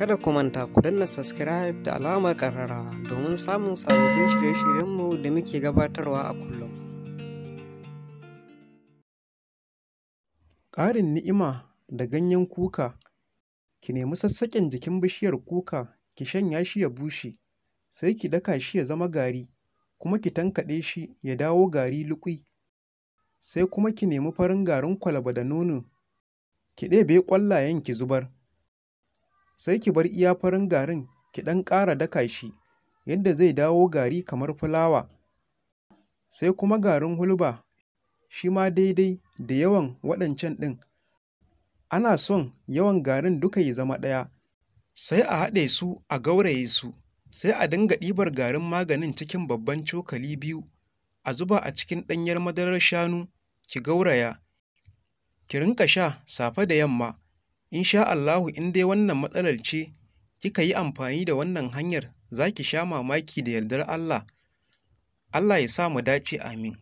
Kada ku manta ku danna subscribe da alamar ƙararrawa domin samun sababbin shirye-shiryenmu da muke gabatarwa a kullum. Ƙarin ni'ima da ganyen kuka, ki nemi sassaƙen jikin bishiyar kuka ki shanya shi ya bushe, sai ki daka shi ya zama gari, kuma ki tankaɗe shi ya dawo gari lukui, Sai kuma ki nemi farin garin kwalaba da nono, ki ɗebe ƙwallayen ki zubar. sai ki bar iya farin garin ki ɗan ƙara daka shi yadda zai dawo gari kamar fulawa. Sai kuma garin hulba, shi ma daidai da yawan waɗancan ɗin. Ana son yawan garin duka ya zama ɗaya, sai a haɗe su a gauraye su, sai a dinga ɗibar garin maganin cikin babban cokali biyu, a zuba a cikin ɗanyar madarar shanu, ki gauraya, ki rinka sha safe da yamma. In sha Allahu in dai wannan matsalar ce kika yi amfani da wannan hanyar za ki sha mamaki da yardar Allah. Allah ya sa mu dace amin.